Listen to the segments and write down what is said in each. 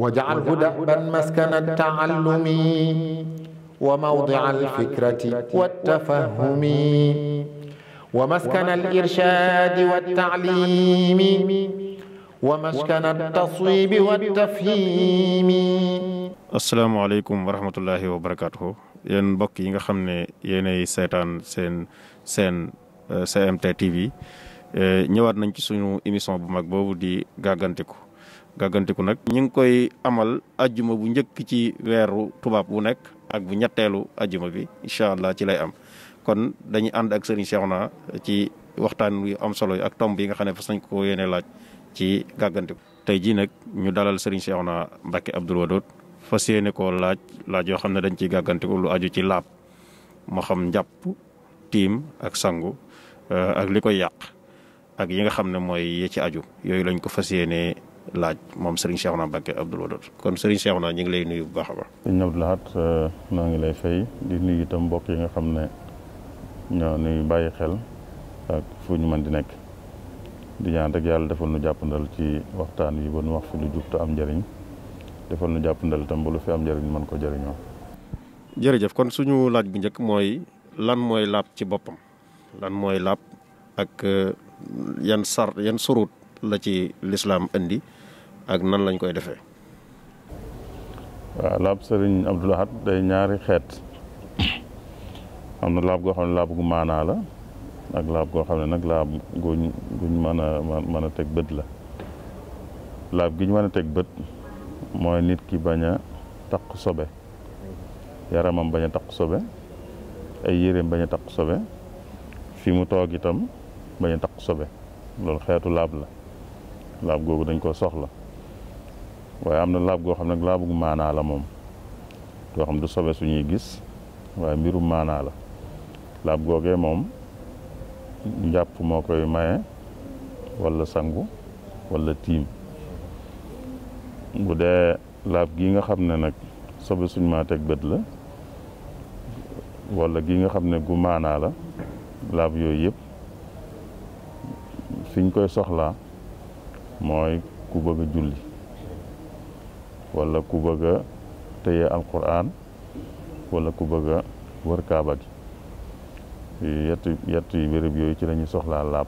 واجعله دأبا مسكن التعلم وموضع الفكرة والتفهم ومسكن الإرشاد والتعليم ومسكن التصويب والتفهيم asalaamaaleykum wa rahmatullahi wa barakaatuhu yéen mbokk yi nga xam ne yéenay seetaan seen seen CMT TV ñëwaat nañ ci suñu émission bu mag boobu di gàggantiku gàggantiku nag ñu ngi koy amal ajuma bu njëkk ci weeru tubaab bu nekk ak bu ñetteelu ajuma bi incha allah ci lay am kon dañuy ànd ak Serigne Cheikhouna ci waxtaan yu am solo yi ak tomb yi nga xam ne fas nañ ko yéene laaj ci gàggantiku tey jii nag ñu dalal Serigne Cheikhouna Mbacké Abdoul Wadoud fas yéene koo laaj laaj yoo xam ne dañ ciy gàggantiku lu aju ci laab moo xam njàpp tiim ak sangu euh, ak li koy yàq ak yi nga xam ne mooy yi ci aju yooyu lañ ko fas yéene laaj moom Serigne Cheikhouna Mbacké Abdoul Wadoud kon Serigne Cheikhouna ñu ngi lay nuyu bu baax a baax. Serigne Abdou euh, ngi lay fay di nuyu itam mbokk yi nga xam ne ñoo nuy bàyyi xel ak fu ñu mën di nekk di ñaan rek yàlla defal nu jàppandal ci waxtaan yi ba nu wax fu lu jub am njariñ defal nu jàppandal itam ba fi am njëriñ man ko jëriñoo. jërëjëf kon suñu laaj bu njëkk mooy lan mooy laab ci boppam lan mooy laab ak euh, yan sar yan surut la ci lislaam indi ak nan lañ koy defee. waaw laab sëriñ Abdou Lahad day ñaari xeet am na laab goo xam ne laab gu maanaa la ak laab goo xam ne nag laab guñ guñ mën a mën a teg bët la laab gi ñu mën a teg bët mooy nit ki bañ a taq sobe yaramam bañ a taq sobe ay yéreem bañ a takk sobe fi mu toog itam bañ a takk sobe loolu xeetu laab la laab googu dañ koo soxla waaye am na laab goo xam ne laabug maanaa la moom goo xam du sobe suñuy gis waaye mbirum maanaa la laab googee moom njàpp moo koy maye walla sangu walla tiim bu dee laab gi nga xam ne nag sobe suñ maa teg bët la walla gi nga xam ne gu maanaa la laab yooyu yëpp fiñ koy soxlaa mooy ku bëgg julli wala ku bëgg a téye alquran wala ku bëgg wër kaaba gi yett yett yi béréb yooyu ci lañuy soxlaa laab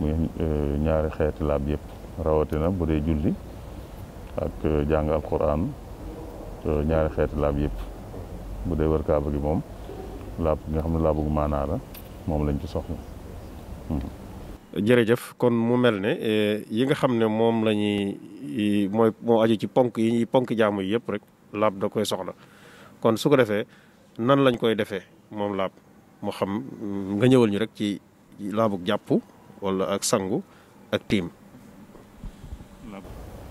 muy e, ñaari xeeti laab yëpp rawatina bu dee julli ak e, jàng alquran e, ñaari xeeti laab yëpp bu dee wër kaaba gi moom laab nga xam ne laabu maanaa la moom lañ ci soxla. Hmm. jërëjëf kon mu mel ne e, yi nga xam ne moom la ñuy mooy moo aju ci ponk yi ñuy ponk jaamu yi yëpp rek laab da koy soxla kon su ko defee nan lañ koy defee moom laab moo xam mm, nga ñëwal ñu rek ci laabuk jàpp wala ak sangu ak tiim.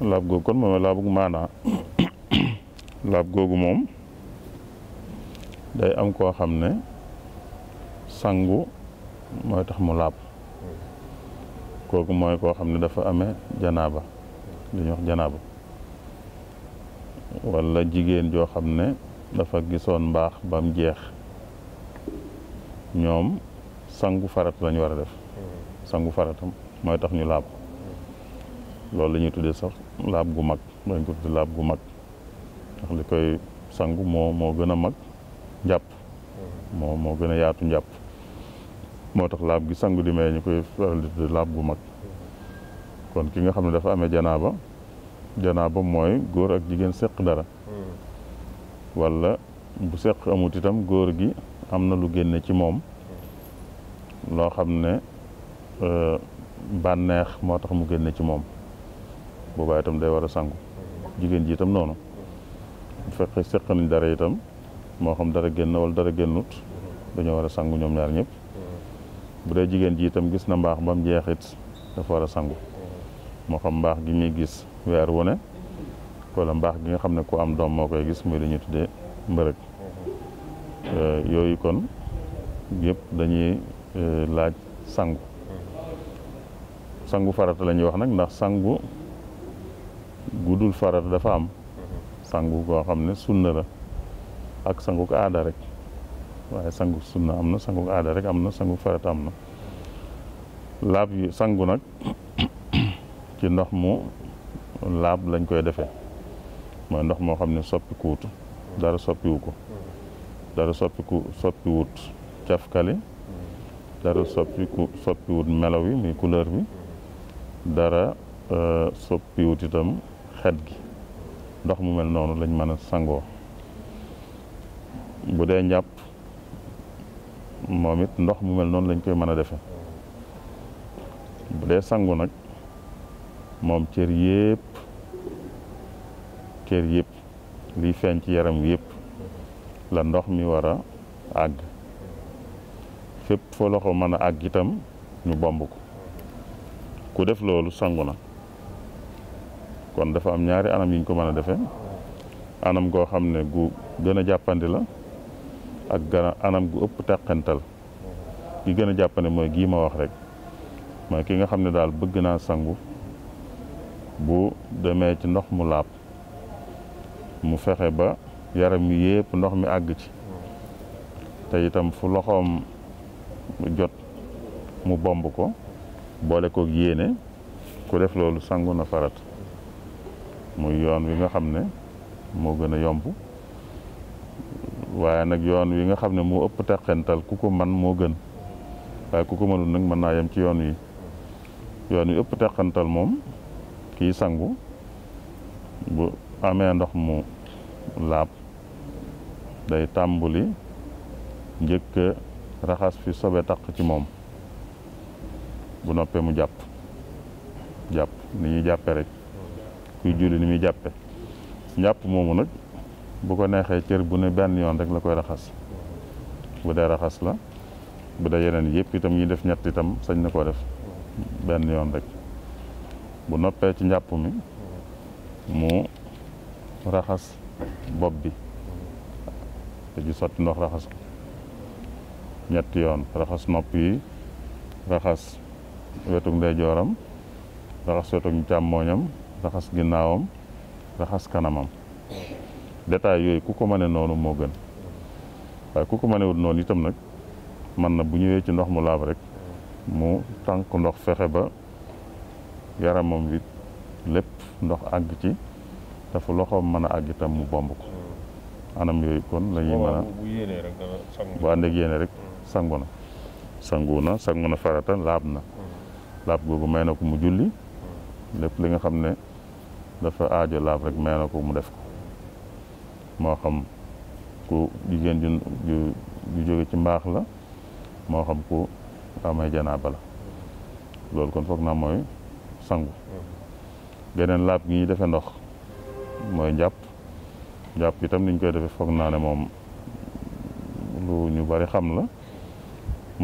laab googu kon moom laabuk maanaa laab googu moom day am koo xam ne sangu mooy tax mu laab. kooku mooy koo xam ne dafa ame janaaba li ñuy wax janaaba wala jigéen joo xam ne dafa gisoon mbaax bam jeex ñoom sangu farat lañ war a def sangu faratam mooy tax ñu laab loolu la ñuy tuddee sax laab gu mag lañ ko tuddee laab gu mag ndax li koy sangu moo moo gën a mag njàpp moo moo gën a yaatu njàpp moo tax laab gi sangu di may ñu koy faral di laab gu mag kon ki nga xam ne dafa amee janaaba janaaba mooy góor ak jigéen seq dara wala bu seq amut itam góor gi am na lu génne ci moom loo xam ne euh, bànneex moo tax mu génne ci moom boobaa tam day war a sangu jigéen ji itam noonu bu fekkee seq nañ dara itam moo xam dara génn wala dara génnut dañoo war a sangu ñoom ñaar ñëpp bu dee jigéen ji itam gis na mbaax ba mu jeexit dafa war a sangu moo xam mbaax gi muy gis weer wu ne wala mbaax gi nga xam ne ku am doom moo koy gis muy li ñuy tuddee mbërëg euh, yooyu kon yépp dañuy euh, laaj sangu sangu farata la ñuy wax nag ndax sangu guddul farata dafa am mm-hmm. sangu koo xam ne sunna la ak sangu ko aada rek waaye sangu sunna am na sangu aada rek am na sangu farat am na laab yi sangu nag ci ndox mu laab lañ koy defe mooy ndox moo xam ne soppikuwut dara soppiwu ko dara soppiku soppiwut cafkali dara soppiku soppiwut melaw yi muy couleur bi dara euh, soppiwut itam xet gi ndox mu mel noonu lañ mën a sangoo bu dee njàpp moom it ndox mu mel noonu lañ koy mën a defe bu dee sangu nag moom cër yëpp cër yëpp liy feeñ ci yaram yépp la ndox mi war a àgg fépp foo loxo mën a àgg itam ñu bomb ko ku def loolu sangu na kon dafa am ñaari anam yiñ ko mën a defe anam goo xam ne gu gën jàppandi la ak gana anam gu ëpp teqantal gi gën a jàppane mooy gii ma wax rek ma ki nga xam ne daal bëgg naa sangu bu demee ci ndox mu laab mu fexe ba yaram wi yépp ndox mi àgg ci te itam fu loxoom jot mu bomb ko boole koog yéene ku def loolu sangu na farat muy yoon wi nga xam ne moo gën a yomb waaye nag yoon wi nga xam ne moo ëpp teqental ku ko man moo gën waaye ku ko mënul nag mën naa yem ci yoon wi yoon wi ëpp teqental moom kii sangu bu amee ndox mu laab day tàmbuli njëkk raxas fi sobe taq ci moom bu noppee mu jàpp jàpp ni ñuy jàppe rek kuy julli ni muy jàppe njàpp moomu nag bu ko neexee cër bu ne benn yoon rek la koy raxas bu dee raxas la bu dee yeneen yëpp itam ñuy def ñett itam sañ na koo def benn yoon rek bu noppee ci njàpp mi mu raxas bopp bi dañu sotti ndox raxas ko ñetti yoon raxas nopp yi raxas wetu ndeyjooram raxas wetu càmmooñam raxas ginnaawam raxas kanamam détail yooyu ku ko mëne noonu moo gën waaye ku ko mënewut noonu itam nag man na bu ñëwee ci ndox mu laab rek mu tànk ndox fexe ba yaramam wi lépp ndox àgg ci dafa loxoom mën a àgg itam mu bomb ko anam yooyu kon la ñuy mën a bu ànd ak yéene rek sangu na sangu na sangu na farata laab na laab googu may na ko mu julli lépp li nga xam ne dafa ajo laab rek may na ko mu def ko moo xam ku jigéen ju jóge ci mbaax la moo xam ku amay janaaba la loolu kon foog naa mooy sangu geneen laab gi ñuy defee ndox mooy njàpp njàpp itam niñ koy defee foog naa ne moom lu ñu bari xam la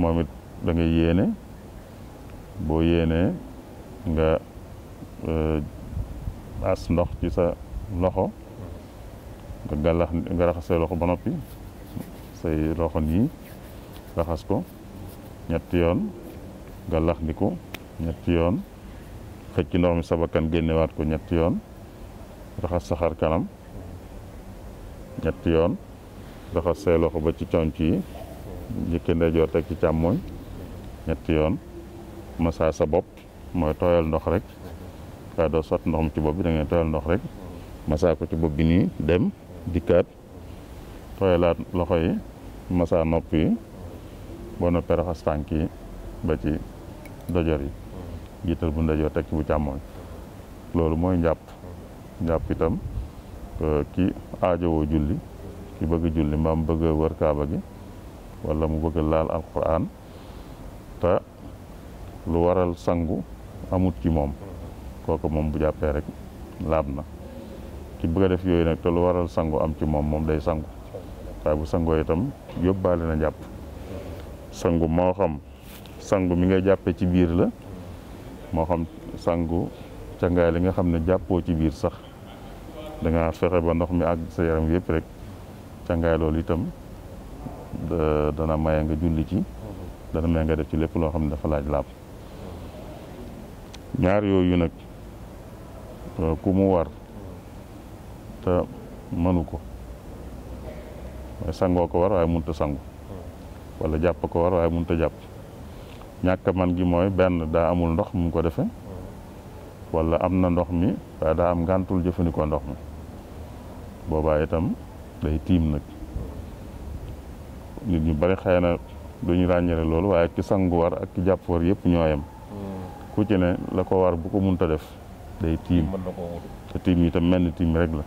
moom it da yéene boo yéenee nga euh, as ndox ci sa loxo nga gàllax nga raxas say loxo ba noppi say loxo nii raxas ko ñetti yoon gàllax ndiku ñetti yoon xëcc ndox mi sabakan génnewaat ko ñetti yoon raxas saxar kanam ñetti yoon raxas say loxo ba ci conc yi njëkke ndeyjoor teg ci càmmooñ ñetti yoon massa sa bopp mooy tooyal ndox rek waaye doo sotti ndox mu ci bopp bi da ngay tooyal ndox rek massa ko ci bopp bi nii dem dikkaat tooyalaat loxo yi masa nopp yi boo noppee tànk yi ba ci dojor yi jiital bu ndeyjoor teg ci bu càmmooñ loolu mooy njàpp njàpp itam euh, ki aajowoo julli ki bëgg julli mbaam bëgg wër kaaba gi wala mu bëgg laal alquran te lu waral sangu amut ci moom kooku moom bu jàppee rek laab na ki def yooyu nag te lu waral sangu am ci moom moom day sangu waaye bu sangoo itam yóbbaale na jàpp sangu moo xam sangu mi nga jàppee ci biir la moo xam sangu cangaay li nga xam ne jàppoo ci biir sax danga nga fexe ba ndox mi ak sa yaram yépp rek cangaay loolu itam dana maye nga julli ci dana maye nga def ci lépp loo xam ne dafa laaj laab ñaar yooyu nag ku mu war te mënu ko sangoo ko war waaye mënut a sangu wala jàpp ko war waaye mënut a jàpp ñàkk man gi mooy benn daa amul ndox mun ko defee wala am na ndox mi waaye daa am ngàntul jëfandikoo ndox mi boobaa itam day tiim nag nit ñu bari xëy na duñu ràññale loolu waaye ki sangu war ak ki jàpp war yëpp ñoo yem ku ci ne la ko war bu ko munta def day tiim te tiim yi itam mel ni tiim rek la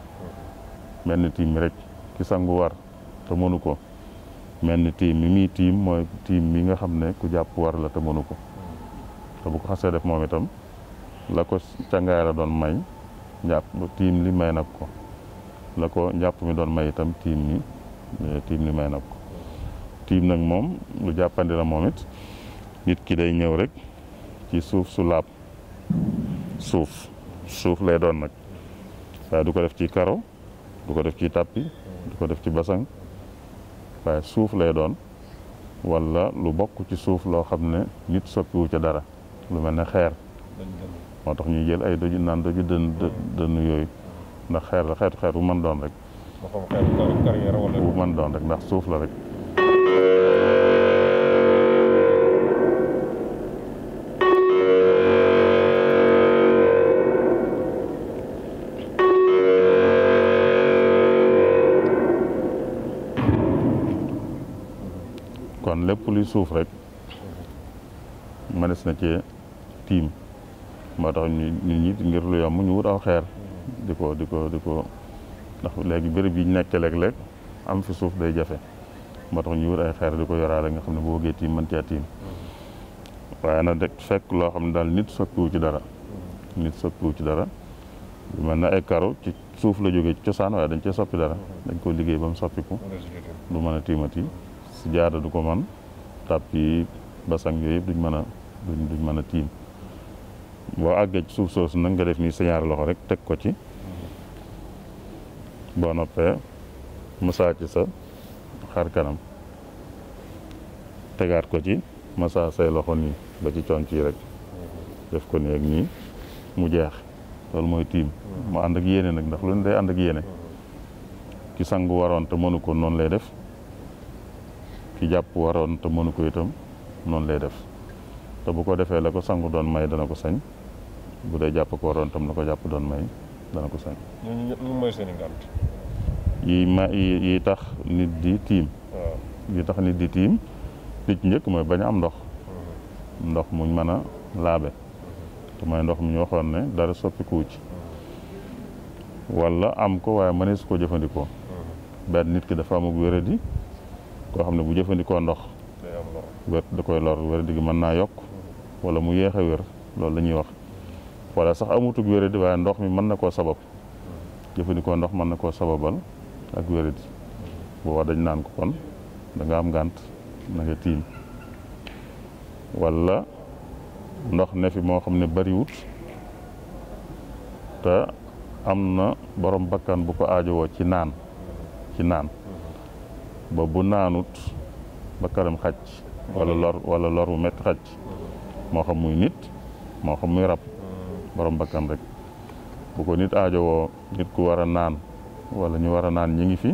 mel ni tiim mi rek ki sangu war te mënu ko mel ni tiim mi muy tiim mooy tiim mi nga xam ne ku jàpp war la te mënu ko te bu xasee def moom itam la ko càngaay la doon may njàpp tiim li may nag ko la ko njàpp doon may itam tiim mi eh, may nag ko tiim nag moom lu jàppandi la moom it nit ki day ñëw rek ci suuf su laab suuf suuf lay doon nag waaye du ko def ci karo du ko def ci tàppi du ko def ci basang waaye suuf lay doon walla lu bokk ci suuf loo xam ne nit soppiwu ca dara lu mel ne xeer moo tax ñuy jël ay doju naan doju dën dënn yooyu ndax xeer la xeetu xeer bu mën doon rek bu mën doon rek ndax suuf la rek suuf rek mënees na cee tiim moo tax nit ñi ngir lu yomb ñu wut aw xeer di ko di ko di ko ndax léegi béréb yi ñu nekk léeg am fi suuf day jafe moo ñu wut ay xeer di ko yoraale nga xam ne boo bëggee tiim mën cee tiim waaye nag de fekk loo xam ne daal nit soppiwu ci dara nit soppiwu ci dara lu mel na ay karo ci suuf la jógee ci cosaan waaye dañ cee soppi dara dañ ko liggéey ba mu soppiku du mën a tiimati si jaada du ko man tàpp yi basang yooyu yëpp duñ mën a mën a tiim boo àggee suuf soosu nag nga def nii señaar ñaari loxo rek teg ko ci boo noppee masaa ci sa xar kanam tegaat ko ci masaa say loxo nii ba ci coon ci rek def ko nii ak nii mu jeex loolu mooy tiim mu ànd ak yéene nag ndax lu ne day ànd ak yéene ki sangu waroon te mënu ko noonu lay def ki jàpp waroon te mënu ko itam noonu lay def te bu ko defee la ko sangu doon may dana ko sañ bu dee jàpp ko tam la ko jàpp doon may dana ko sañ. ñun ñëpp yi tax nit di tiim. yi tax nit di tiim nit njëkk mooy bañ am ndox. Hmm. ndox muñ mën a laabe. Hmm. te mooy ndox mi ñu waxoon ne dara soppikuwu ci. walla am ko waaye mënees koo jëfandikoo. Hmm. benn nit ki dafa amug wéradi koo xam ne bu jëfandikoo ndox wér da koy lor wér digi mën naa yokk wala mu yéex a wér loolu dañuy wax wala sax amutug wéradi waaye ndox mi mën na koo sabab jëfandikoo ndox mën na koo sababal ak wéradi booba dañ naan ko kon da am ngànt na nga tiim wala ndox ne fi moo xam ne bariwut te am na boroom bakkan bu ko aajowoo ci naan ci naan ba naanut ba këram walla wala lor wala lor bu métti xaj moo xam muy nit moo xam muy rab borom bakkan rek bu ko nit aajowoo nit ku war a naan wala ñu war a naan ñi ngi fi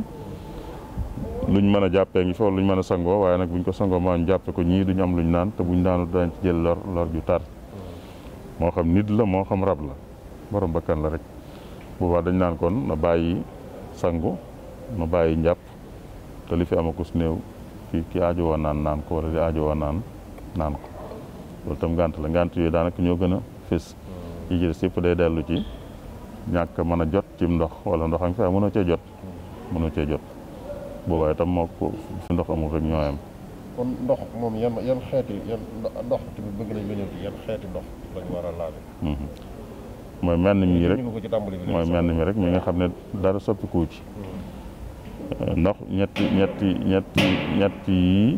luñ mën a jàppee ngi fi wala luñ mën a sangoo waaye nag buñ ko sangoo maanaam jàppe ko ñii duñ am luñ naan te buñ naanut daañ ci jël lor tar moo xam nit la moo xam rab la borom bakkan la rek boobaa dañ naan kon na bàyyi sangu na bàyyi njàpp te li fi amakus néew ki ki aajo woon naan naan ko wala tam ngànt la ngànt yooyu daanaka ñoo gën a fés yi yëpp day dellu ci ñàkk mën a jot cim ndox wala ndox am fa mënoo cee jot mënoo cee jot boobaa itam moo ko fi ndox amul rek ñooyam kon ndox moom yan ci a laabe mhm. mooy menn mi rek mooy menn mi rek mi nga xam ne dara soppiku ci mhm. ndox ñetti ñetti ñetti ñetti yii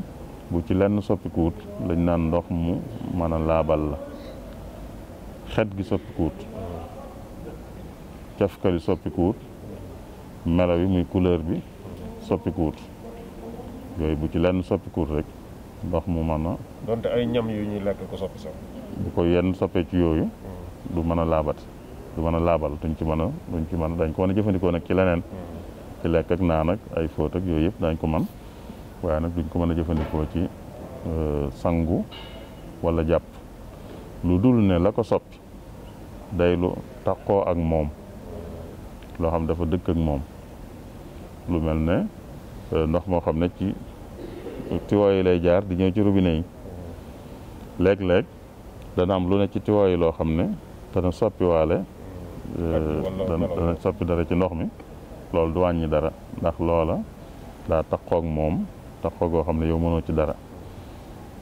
bu ci lenn soppikuwut lañ naan ndox mu mën a laabal la xet gi soppikuwut cafkali soppikuwut melo bi muy couleur bi soppikuwut yooyu bu ci lenn soppikuut rek ndox mu mën a donte ay ñam yu ñuy lekk ko soppi bu ko yenn soppee ci yooyu mm. du mën a laabat du mën a laabal duñ ci mën a ci mën a dañ ko a jëfandikoo nag ci leneen mm. ci lekk ak naan ak ay fóot ak yooyu yëpp dañ ko man waaye nag duñ ko mën a jëfandikoo ci euh, sangu walla jàpp lu dul ne la ko soppi day lu taqoo ak moom loo xam dafa dëkk ak moom lu mel ne euh, ndox moo xam ne ci euh, tiwoo yi lay jaar di ñëw ci robinet yi léeg-léeg dana am lu ne ci tiwoo yi loo xam ne dana soppiwaale dana soppi dara ci ndox mi loolu du wàññi dara ndax loola daa taxoog moom taxoo goo xam ne yow mënoo ci dara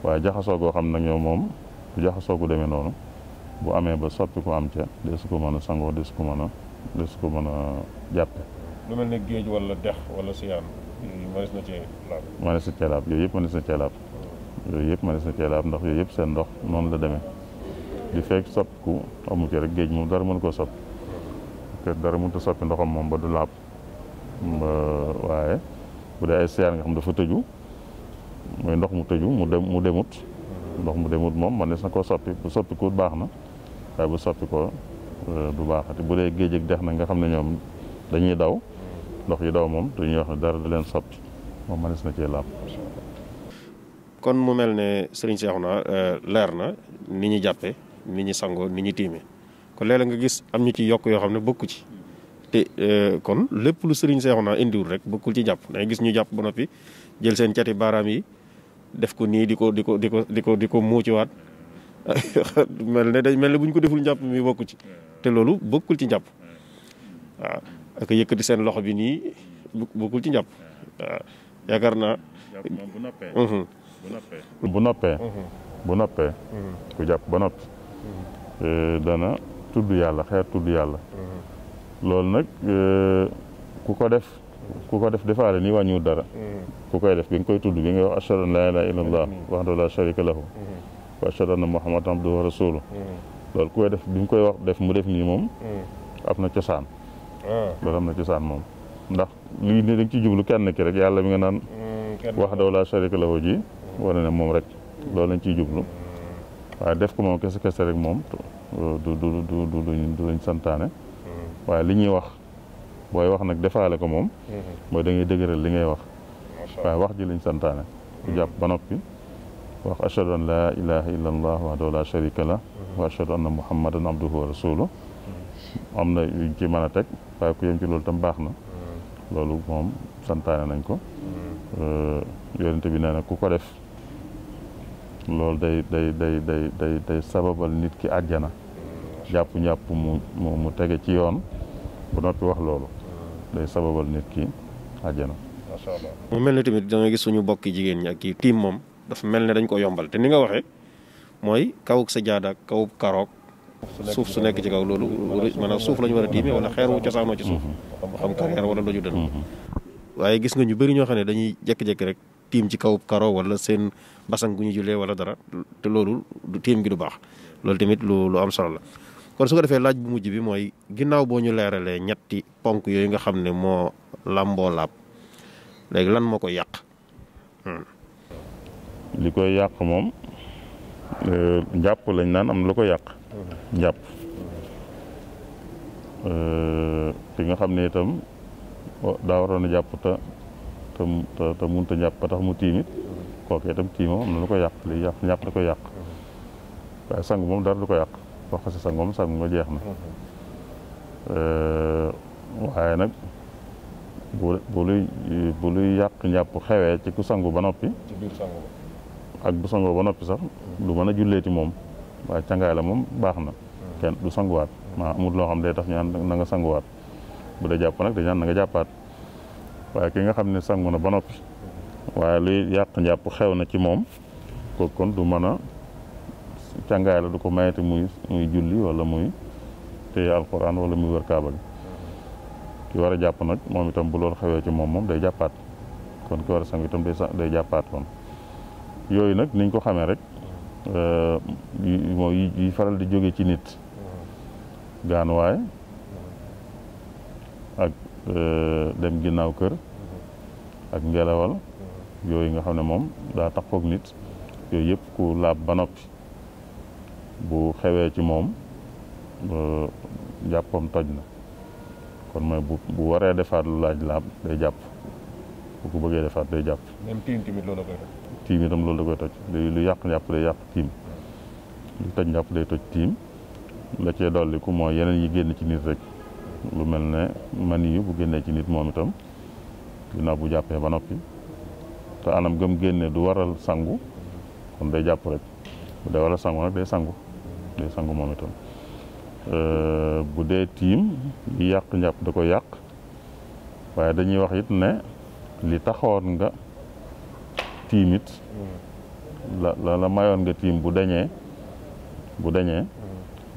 waaye jaxasoo goo xam nag moom du jaxasoo gu demee noonu bu amee ba soppi ku am ca des ko mën a sangoo des ko mën a des ko mën a jàppe lu dex wala siyaan na cee laab. mënees na yooyu yëpp mënees na cee laab yooyu yëpp mënees na cee laab ndax yooyu yëpp seen ndox noonu la demee di fekk soppiku amu ci rek géej moom dara mën koo soppi te dara mënut soppi ndoxam moom ba du laab. waaye bu dee ay siyaar nga xam dafa tëju mooy ndox mu tëju mu dem mu demut ndox mu demut moom man des na koo soppi bu soppi ko baax na waaye bu soppi ko euh, du baaxati bu dee géej ak dex na nga xam ne ñoom dañuy daw ndox yi daw moom dañuy wax ne dara du leen soppi moom manes na cee laab kon mu mel ne Serigne Cheikhouna euh, leer na ni ñu jàppee ni ñu sangoo ni ñu tiime kon léeg nga gis am ñu ci yokk yoo xam ne bokku ci te euh, kon lépp lu sëriñ Seexuna indiwul rek bokkul ci jàpp da ngay gis ñu jàpp ba noppi jël seen cati baaraam yi def ko nii di ko di ko di ko di ko di ko mel ne dañ mel ne bu ñu ko deful njàpp mi bokku ci te loolu bokkul ci njàpp waaw ak yëkkati seen loxo bi nii bokkul ci njàpp waaw yaakaar naa. Mhm. bu noppee. bu noppee. Mhm. bu mhm. jàpp ba noppi. Euh, dana tudd yàlla xeer tudd yàlla. loolu nag ku ko def ku ko def nii ni wàññiwul dara ku koy def bi nga koy tudd bi nga wax ashhadu an laa ilaaha illallah wahdahu laa sharika lahu wa ashhadu anna muhammadan abduhu wa rasuluhu loolu ku koy def bi koy wax def mu def nii moom am na cosaan loolu am na cosaan moom ndax lii ne dañ ci jublu kenn ki rek yàlla mi nga naan wax wahdahu laa sharika lahu ji war ne moom rek loolu lañ ciy jublu waaye def ko moom kese kese rek moom du du du du santaane waaye li ñuy wax booy wax nag defaale ko moom. Mm-hmm. mooy da ngay li ngay wax. waaye wax ji lañ santaane. ku jàpp mm-hmm. ba noppi wax ashhadu an laa ilaha illa allah wahdahu la sharika la wa mm-hmm. ashhadu anna muhammadan abduhu wa rasuluh am na yuñ ci mën a teg waaye ku yem ci loolu tam baax na loolu moom santaane nañ ko euh, yonente bi nee na ku ko def loolu day day day day day day sababal nit ki àjjana jàpp njàpp mu mu mu tege ci yoon ba noppi wax loolu day sababal nit ki àjjana. macha mu mel ne tamit da gis suñu bokki jigéen ñi ak kii tiim moom dafa mel ne dañ ko yombal te ni nga waxe mooy kawuk sa jaada kawuk karook suuf su nekk ci kaw loolu maanaam suuf lañu war a tiimee wala xeer wu cosaanoo ci suuf mm-hmm. xam carrière wala loju dën mm-hmm. waaye gis nga ñu bari ñoo xam ne dañuy jékki-jékki rek tiim ci kaw karo wala seen basang gu ñu julee wala dara te loolu du tiim gi du baax loolu tamit lu lu am solo la kon su ko defee laaj bu mujj bi mooy ginaaw boo ñu leeralee ñetti ponk yooyu nga xam ne moo làmboo laab léegi lan moo ko yàq. Hmm. li koy yàq moom euh, jàpp lañ naan am lu koy yàq. Hmm. jàpp euh, ki nga xam ne itam daa waroon a jàpp te te te mënut a tax mu tiimit hmm. kooku itam tiimam am na lu ko yàq li yàq ñàkk da ko yàq waaye sang moom dara lu koy yàq. ko xasee moom sag ma jeex na waaye nag bu bu luy bu luy yàq njàpp xewee ci sangu ba noppi ak bu sangoo ba noppi sax du mën a julleeti moom waaye cangaay la moom baax na kenn du sanguwaat maa amul loo xam day tax ñaan na sanguwaat bu dee jàpp nag dañ ñaan na nga waaye ki xam ne sangu na ba noppi waaye luy yàq njàpp xew na ci moom kooku kon du càngaay la du ko mayete muy muy julli wala muy téye alxuraan wala muy wër kaaba gi ki war jàpp nag moom itam bu loolu xewee ci moom moom day jàppaat kon ki war sangu itam day day jàppaat kon yooyu nag niñ ko xamee rek eh, mooy yi faral di jóge ci nit gaanuwaay ak eh, dem ginnaaw kër ak ngelawal yooyu nga xam ne moom daa tax foog nit yooyu yëpp ku laab ba noppi bu xewee ci moom jàppam toj na kon mooy bu bu waree defaat lu laaj laab day jàpp bu ko bëggee defaat day jàpp. même tiim itam loolu la koy toj lu yàq njàpp day yàq tiim lu toj njàpp day toj tiim la cee dolli ku mooy yeneen yi génn ci nit rek lu mel ne man yu bu génnee ci nit moom itam ginnaaw bu jàppee ba noppi te anam mu génne du waral sangu kon day jàpp rek bu dee waral sangu nag day sangu. day sangu moom itam euh, bu dee tiim li yàq njàpp da ko yàq waaye dañuy waxit ne li taxoon nga tiimit la la la mayoon nga tiim bu dañee bu dañee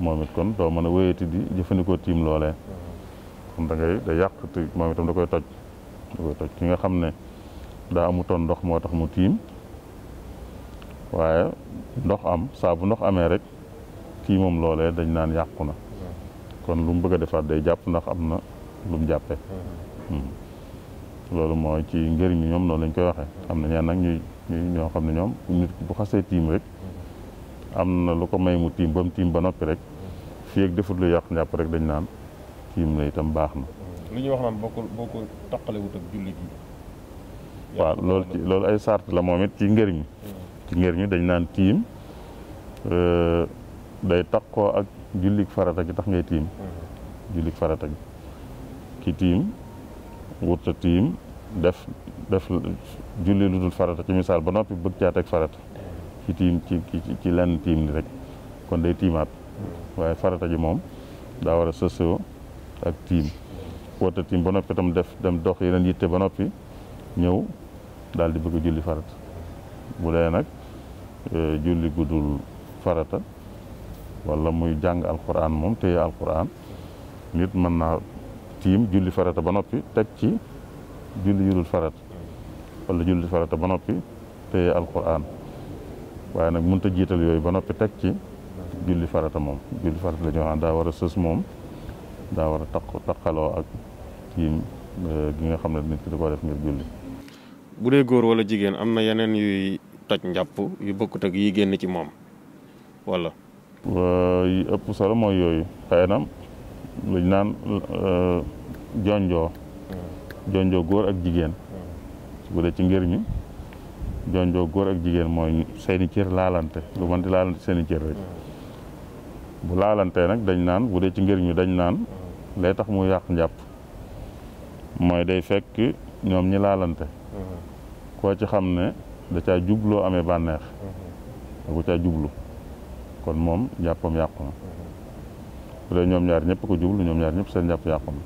moom kon doo mën a wéyati di jëfandikoo tiim loole kon da ngay da yàq te moom itam da koy toj da ki nga xam ne daa amutoon ndox moo tax mu tiim waaye ndox am saa bu ndox amee rek kii moom loolee dañ naan yàqu na kon lu mu bëgg a defaat day jàpp ndax am na lu mu jàppee loolu mooy ci njëriñ ñoom noonu lañ koy waxee am na ñaan nag ñoo xam ne ñoom bu xasee tiim rek am na lu ko may mu tiim ba tiim ba noppi rek fii ak defut lu yàq njàpp rek dañ naan tiim na itam baax na lu ñuy wax naan boo ko boo ak julli gi la moom ci ngër mi mm. ci ngër mi dañ naan tiim euh, day takkoo ak jullik farata gi tax ngay tiim jullik farata gi ki tiim wurta tiim def def julli lu dul farata ci misaal ba noppi bëgg caa teg farata ci tiim ci tiim li rek kon day tiimaat waaye farata ji moom daa war a sësoo ak tiim wurta tiim ba noppi tam def dem dox yeneen yitte ba noppi ñëw daal di bëgg julli farata bu dee nag eh, julli guddul farata wala muy jàng alquran moom téye alquran nit mën naa tiim julli farata ba noppi teg ci julli yudul farata wala julli farata ba noppi téye alquran waaye nag mënut a jiital yooyu ba noppi teg ci julli farata moom julli farata la ñu wax daa war a sës moom daa war a taq taqaloo ak tiim eh, nga xam ne nit ko da koo def ngir julli. bu dee góor wala jigéen am na yeneen yuy toj njàpp yu bokk teg yi génn ci moom walla yi ëpp solo mooy yooyu xëy na lu naan euh, jonjoo hmm. jonjoo góor ak jigéen bu hmm. dee ci ngir ñi jonjoo góor ak jigéen mooy seeni cër laalante lu mën di laalante seeni cër rek hmm. bu laalantee nag dañ naan bu dee ci ngir ñi dañ naan lay tax mu yàq njàpp mooy day fekk ñoom ñi laalante koo ci xam ne da caa jubloo amee bànneex da ko caa jublu kon moom jàppam yàqu na bu dee ñoom ñaar ñëpp ko jublu ñoom ñaar ñëpp seen jàpp yàqu na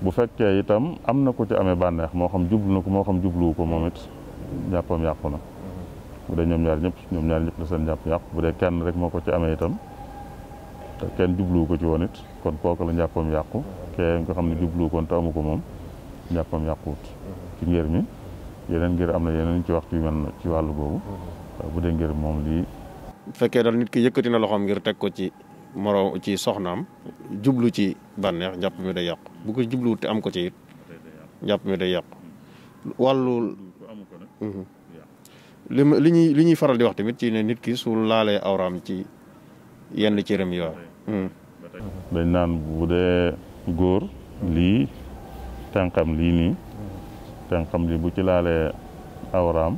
bu fekkee itam am na ko ci amee bànneex moo xam jublu na ko moo xam jubluwu ko moom it jàppam na bu dee ñaar ñëpp ñoom ñaar ñëpp la seen jàpp yàqu bu dee kenn rek moo ko ci amee itam te kenn jubluwu ko ci woon it kon kooku a njàppam yàqu kee nga xam ne jubluwu koon te amu ko moom njàppam yàquwut ci ngir mi yeneen ngir am na yeneen ci waxtu yu mel ci wàllu boobu bu dee ngir moom lii bu fekkee daal nit ki yëkkati na loxoom ngir teg ko ci moroom ci soxnaam jublu ci bànneex njàpp mi day yàqu bu ko jubluwut am ko ci it njàpp mi day yàqu wàllu mhm. li ñuy faral di wax tamit ci ne nit ki su laalee awraam ci yenn cëram yooyu mhm. dañ naan bu dee góor lii tànkam lii nii tànkam lii bu ci laalee awraam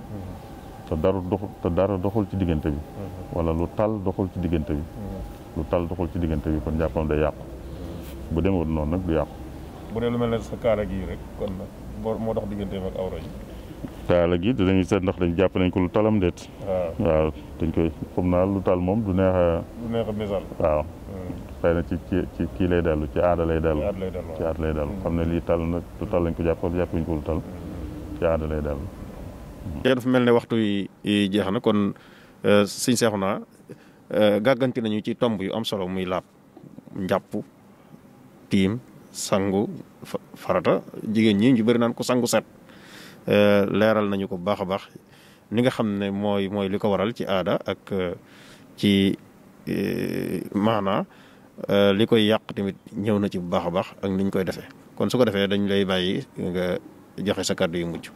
te dara doxul te dara doxul ci diggante bi mhm. wala lu tal doxul ci diggante bi mhm. lu tal doxul ci diggante bi kon njàppam da yàqu mhm. bu demee woon noonu nag du yàqu bu dee lu mel sa kaala gii rek kon moo dox digganteem ak awra yi kaala gi dinañu seet ndax dañ jàpp nañ ko lu talam déet dañ koy comme naa lu tal moom du neex a du neex a misaal waaw hmm. na ci ci kii lay dellu ci aada lay dellu ci aada lay dellu hmm. xam ne lii tal nag lu tal lañ ko jàpp jàpp nañ ko lu tal hmm. ci aada lay dellu te mm-hmm. dafa mel ne waxtu yi jeex na kon euh, sëñ Seexuna euh, gàgganti nañu ci tomb yu am solo muy làpp njàpp tiim sangu farata jigéen ñi ñu bari naan ko sangu set euh, leeral nañu ko bu baax a baax ni nga xam ne mooy mooy li ko waral ci aada ak ci maanaa li koy yàq tamit ñëw na ci bu baax a baax ak niñ koy defee kon su ko defee dañ lay bàyyi nga joxe sa kàddu yu mujj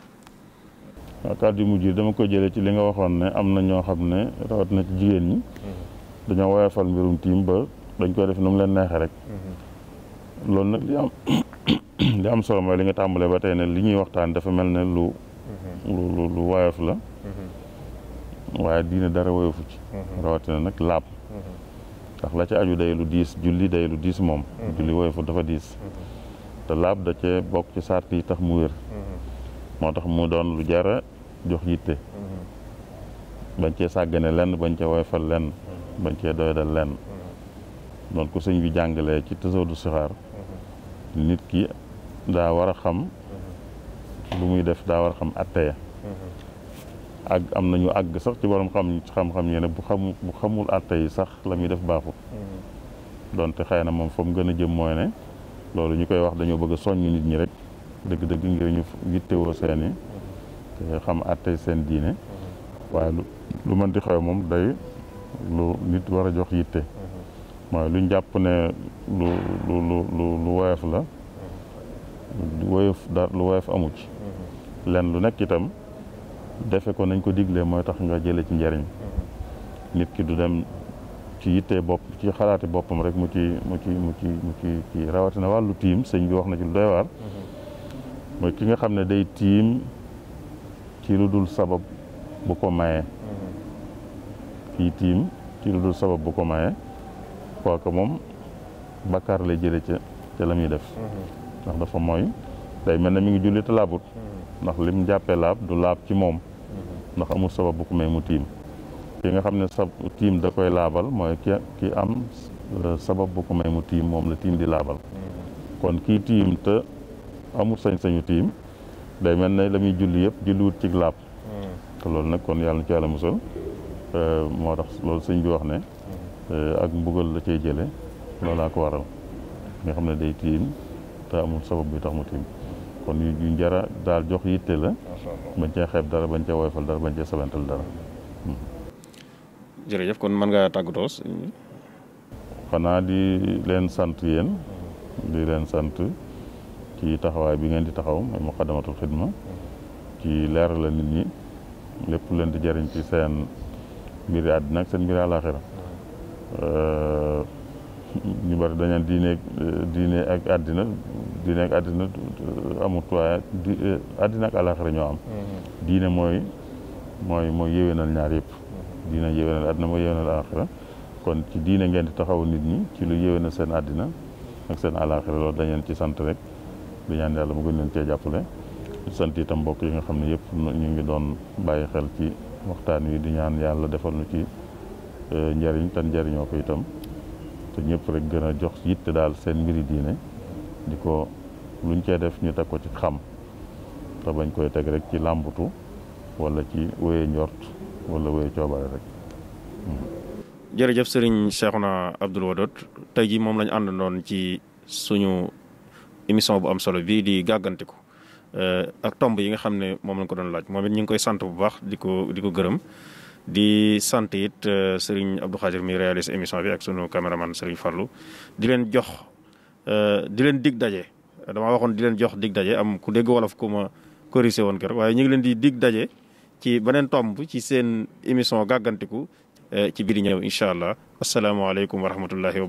kàddu mu mujj dama ko jëlee ci li nga waxoon ne am na ñoo xam ne rawat na ci jigéen ñi mm-hmm. dañoo woyofal mbirum tiim ba dañ koy def nu leen neexee rek mm-hmm. loolu nag li am li solo mooy li nga tàmbalee ba tey ne li ñuy waxtaan dafa mel ne lu mm-hmm. lu lu woyof la waaye diine dara woyofu ci rawatina nag laab ndax la ci aju day lu diis julli day lu diis moom julli woyofu dafa diis te laab da cee bokk ci sart yi tax mu wér moo tax mu doon lu jara jox yitte mm-hmm. bañ cee sàggane lenn bañ cee fa lenn mm-hmm. bañ cee doydal lenn mm-hmm. noonu ko sëñ bi jàngalee ci tasawudu sixaar nit ki daa war a xam lu muy def daa war a xam attaya ak am nañu àgg sax ci borom xam xam-xam ñee bu xam xamul atte yi sax la muy def baaxut donte xëy na moom fa mu gën a jëm mooy ne loolu ñu koy wax dañoo bëgg a nit ñi rek dëgg-dëgg ngir ñu yittewoo seen i te xam àtte seen diine waaye lu lu mën di xew moom day lu nit war a jox yitte mooy luñ jàpp ne lu lu lu lu woyof la lu woyof daal lu woyof amu ci lenn lu nekk itam defe ko nañ ko diglee mooy tax nga jële ci njariñ nit ki du dem ci yittee bopp ci xalaati boppam rek mu ci mu ci mu ci ci kii rawatina wàllu tiim sëñ bi wax na ci lu doy waar mooy ki nga xam ne day tiim ci lu dul sabab bu ko maye tiim ci lu dul bu ko maye kooka moom bakkaar lay jële ca ca la muy def ndax dafa mooy day mel ne mi ngi julli te laabut ndax lim jàppee laab du laab ci moom ndax amul sabab bu ko may mu tiim ki nga xam ne sa tiim da koy laabal mooy ki ki am euh, sabab bu ko may mu tiim moom la tiim di laabal kon kii tiim te amul sañ-sañu tiim day mel ne la muy julli yëpp julliwut ci cig hmm. te loolu nag kon yàlla na ci yàlla musal euh, moo tax lool sëñ bi wax ne hmm. euh, ak mbugal la cay jële loolaa ko waral nga xam ne day tiim te amul sabab bi tax mu tiim kon yu njara daal jox yitte la bañ cee xeeb dara bañ cee woyfal dara bañ cee sabantal dara hmm. jërëjëf kon mën ngaa tàggatoo xanaa di leen sant yéen di leen sant ci taxawaay bi ngeen di taxaw mooy muqaddamatul xidma ci leeral la nit ñi lépp leen di jëriñ ci seen mbiri àddina ak seen mbiri àllaaxira ñu bari dañaan diine diine ak diine ak àddina amut waaye di àddina ak àllaaxira ñoo am mm-hmm. diine mooy mooy mooy yéwénal ñaar yëpp mm-hmm. diine yéwénal àddina mooy yéwénal àllaaxira kon ci diine ngeen di taxaw nit ñi ci lu yéwénal seen àddina ak seen àllaaxira loolu dañeen ci sant rek di ñaan yàlla mu gën leen cee jàppale sant itam mbokk yi nga xam ne yëpp ñu ngi doon bàyyi xel ci waxtaan wi di ñaan yàlla defal na ci e, njariñ tan njariñoo ko itam te ñëpp rek gën a jox yitte daal seen mbiri diine di ko luñ cee def ñu teg ko ci xam te bañ koy teg rek ci làmbutu wala ci wéye njort wala wéye coobare rek hmm. jërëjëf sëriñ Cheikhouna Abdoul Wadoud tey ji moom lañ àndandoon ci suñu émission bu am solo bii di gàggantiku eh, ak tomb yi nga xam ne moom lañ ko doon laaj moom it ñu ngi koy sant bu baax di ko di ko gërëm di sant it eh, Serigne Abdou Khadir mi réalise émission bi ak sunu caméraman Serigne Fallou di leen jox eh, di leen dig daje dama waxoon di leen jox dig daje am ku dégg wolof ku ma corrigé woon kër waaye ñu ngi leen di dig daje ci beneen tomb ci seen émission gàggantiku ci biir ñëw incha allah asalaamaaleykum wa rahmatullahi wa